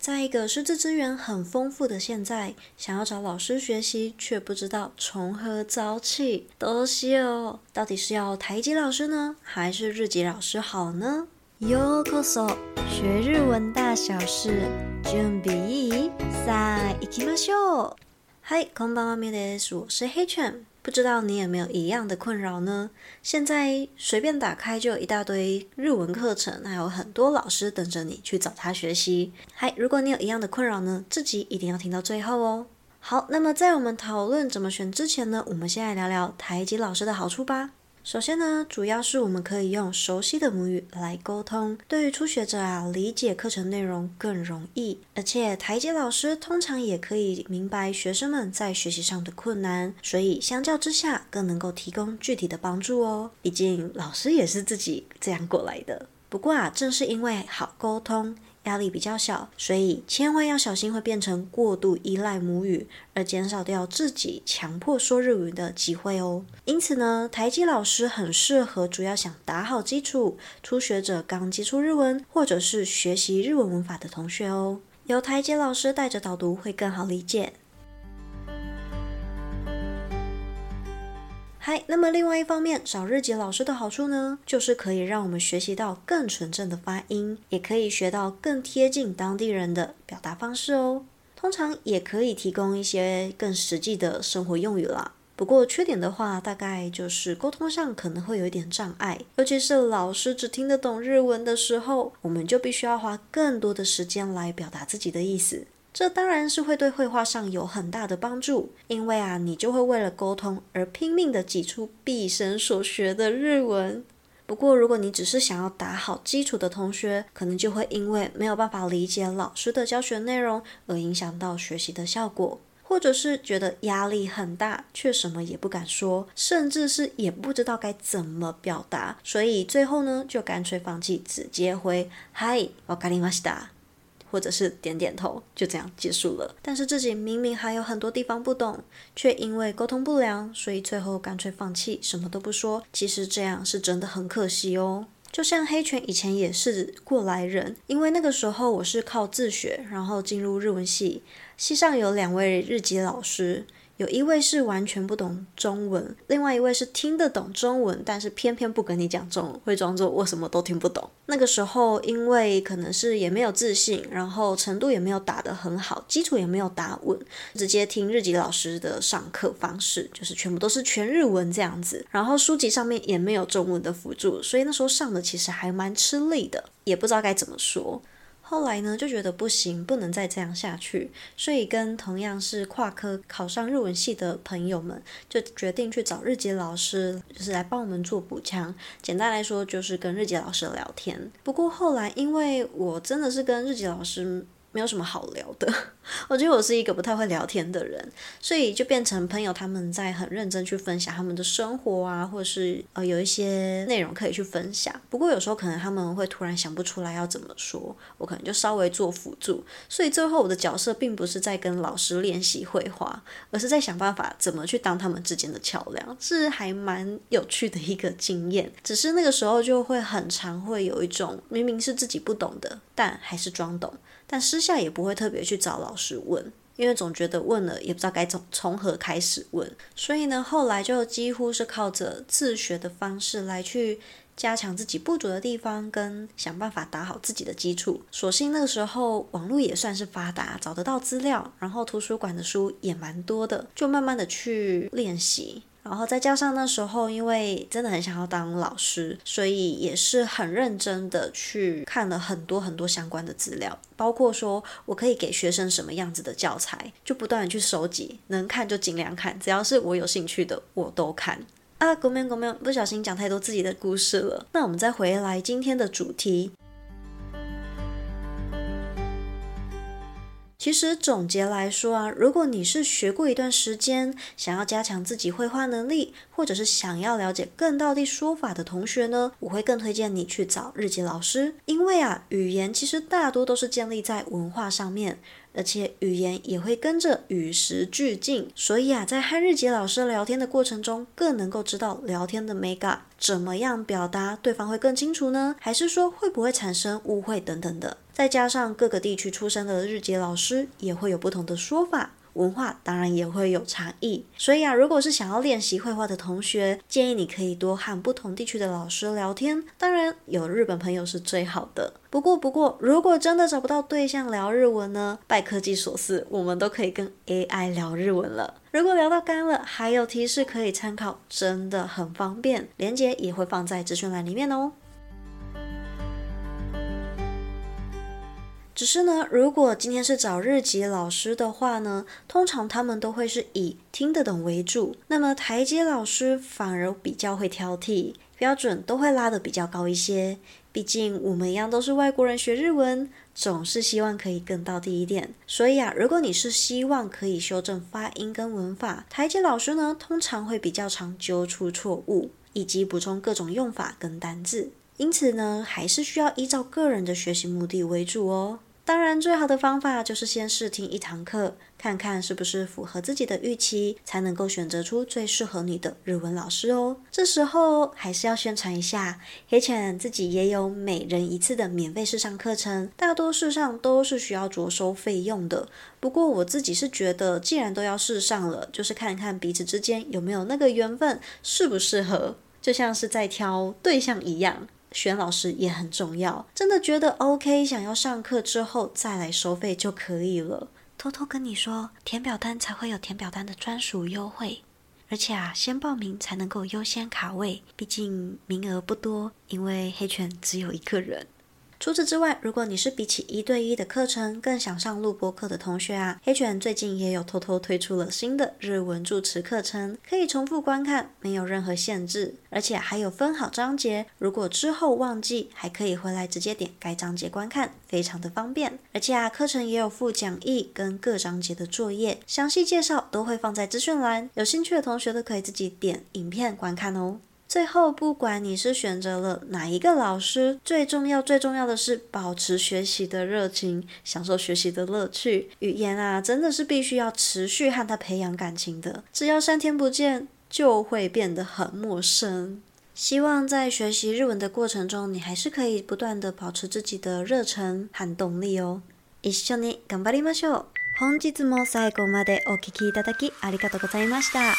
在一個師資資源很豐富的現在，想要找老師學習，卻不知道從何找起，どうしよう！到底是要台籍老師呢，還是日籍老師好呢？ようこそ，學日文大小事，準備一下，さあ、行きましょう。Hi，こんばんはみです。我是黑犬。不知道你有沒有一樣的困擾呢？現在隨便打開就有一大堆日文課程，還有很多老師等着你去找他學習。嗨，如果你有一樣的困擾呢，這集一定要聽到最後哦。好，那麼在我們討論怎麼選之前呢，我們先來聊聊台籍老師的好處吧。首先呢，主要是我們可以用熟悉的母語來溝通，對於初學者啊，理解課程內容更容易。而且，台籍老師通常也可以明白學生們在學習上的困難，所以相較之下，更能夠提供具體的幫助哦。畢竟，老師也是自己這樣過來的。不過啊，正是因為好溝通、壓力比較小，所以千萬要小心會變成過度依賴母語，而減少掉自己強迫說日語的機會哦。因此呢，台籍老師很適合主要想打好基礎、初學者剛接觸日文，或者是學習日文文法的同學哦。由台籍老師帶着導讀會更好理解。嗨，那麼另外一方面，找日籍老師的好處呢，就是可以讓我們學習到更純正的發音，也可以學到更貼近當地人的表達方式哦。通常也可以提供一些更實際的生活用語啦。不過缺點的話，大概就是溝通上可能會有一點障礙，尤其是老師只聽得懂日文的時候，我們就必須要花更多的時間來表達自己的意思。這當然是會對繪畫上有很大的幫助，因為啊，你就會為了溝通而拼命的擠出畢生所學的日文。不過，如果你只是想要打好基礎的同學，可能就會因為沒有辦法理解老師的教學內容而影響到學習的效果，或者是覺得壓力很大，卻什麼也不敢說，甚至是也不知道該怎麼表達，所以最後呢，就乾脆放棄，直接回はい、分かりました。或者是點點頭，就這樣結束了。但是自己明明還有很多地方不懂，卻因為溝通不良，所以最後乾脆放棄，什麼都不說。其實這樣是真的很可惜哦。就像黑犬以前也是過來人，因為那個時候我是靠自學，然後進入日文系，系上有兩位日籍老師。有一位是完全不懂中文，另外一位是聽得懂中文，但是偏偏不跟你講中文，會裝作我什麼都聽不懂。那個時候，因為可能是也沒有自信，然後程度也沒有打得很好，基礎也沒有打穩，直接聽日籍老師的上課方式，就是全部都是全日文這樣子，然後書籍上面也沒有中文的輔助，所以那時候上的其實還蠻吃力的，也不知道該怎麼說。後來呢，就覺得不行，不能再這樣下去，所以跟同樣是跨科考上日文系的朋友們，就決定去找日籍老師，就是來幫我們做補強。簡單來說，就是跟日籍老師聊天。不過後來，因為我真的是跟日籍老師。沒有什麼好聊的，我覺得我是一個不太會聊天的人，所以就變成朋友他們在很認真去分享他們的生活啊，或者是呃有一些內容可以去分享。不過有時候可能他們會突然想不出來要怎麼說，我可能就稍微做輔助。所以最後我的角色並不是在跟老師練習會話，而是在想辦法怎麼去當他們之間的橋梁，是還蠻有趣的一個經驗。只是那個時候就會很常會有一種明明是自己不懂的。但還是裝懂，但私下也不會特別去找老師問，因為總覺得問了也不知道該從從何開始問，所以呢，後來就幾乎是靠着自學的方式來去加強自己不足的地方，跟想辦法打好自己的基礎。所幸那個時候網絡也算是發達，找得到資料，然後圖書館的書也蠻多的，就慢慢的去練習。然後再加上那時候，因為真的很想要當老師，所以也是很認真的去看了很多很多相關的資料，包括說我可以給學生什麼樣子的教材，就不斷的去收集，能看就盡量看，只要是我有興趣的我都看。啊，ごめん、ごめん，不小心講太多自己的故事了。那我們再回來今天的主題。其實總結來說啊，如果你是學過一段時間，想要加強自己會話能力，或者是想要了解更道地說法的同學呢，我會更推薦你去找日籍老師，因為啊，語言其實大多都是建立在文化上面。而且語言也會跟着與時俱進，所以啊，在和日籍老師聊天的過程中，更能夠知道聊天的眉角怎麼樣表達，對方會更清楚呢？還是說會不會產生誤會等等的？再加上各個地區出生的日籍老師也會有不同的說法。文化當然也會有差異，所以啊，如果是想要練習會話的同學，建議你可以多和不同地區的老師聊天。當然，有日本朋友是最好的。不過，不過，如果真的找不到對象聊日文呢？拜科技所賜，我們都可以跟 AI 聊日文了。如果聊到乾了，還有提示可以參考，真的很方便。連結也會放在資訊欄裡面哦。只是呢，如果今天是找日籍老師的話呢，通常他們都會是以聽得懂為主。那麼台籍老師反而比較會挑剔，標準都會拉得比較高一些。畢竟我們一樣都是外國人學日文，總是希望可以更道地一點。所以啊，如果你是希望可以修正發音跟文法，台籍老師呢通常會比較常揪出錯誤，以及補充各種用法跟單字。因此呢，還是需要依照個人的學習目的為主哦。當然，最好的方法就是先試聽一堂課，看看是不是符合自己的預期，才能夠選擇出最適合你的日文老師哦。這時候還是要宣傳一下，黑犬自己也有每人一次的免費試上課程，大多試上都是需要着收費用的。不過我自己是覺得，既然都要試上了，就是看看彼此之間有沒有那個緣分，適不適合，就像是在挑對象一樣。選老師也很重要，真的覺得 OK，想要上課之後再來收費就可以了。偷偷跟你說，填表單才會有填表單的專屬優惠，而且啊，先報名才能夠優先卡位，畢竟名額不多，因為黑犬只有一個人。除此之外，如果你是比起一對一的課程更想上錄播課的同學啊，黑犬最近也有偷偷推出了新的日文助詞課程，可以重複觀看，沒有任何限制，而且還有分好章節，如果之後忘記，還可以回來直接點該章節觀看，非常的方便。而且啊，課程也有附講義跟各章節的作業，詳細介紹都會放在資訊欄，有興趣的同學都可以自己點影片觀看哦。最後，不管你是選擇了哪一個老師，最重要、最重要的是保持學習的熱情，享受學習的樂趣。語言啊，真的是必須要持續和它培養感情的，只要三天不見，就會變得很陌生。希望在學習日文的過程中，你還是可以不斷地保持自己的熱忱和動力哦。一緒に頑張りましょう！本日も最後までお聴きいただきありがとうございました。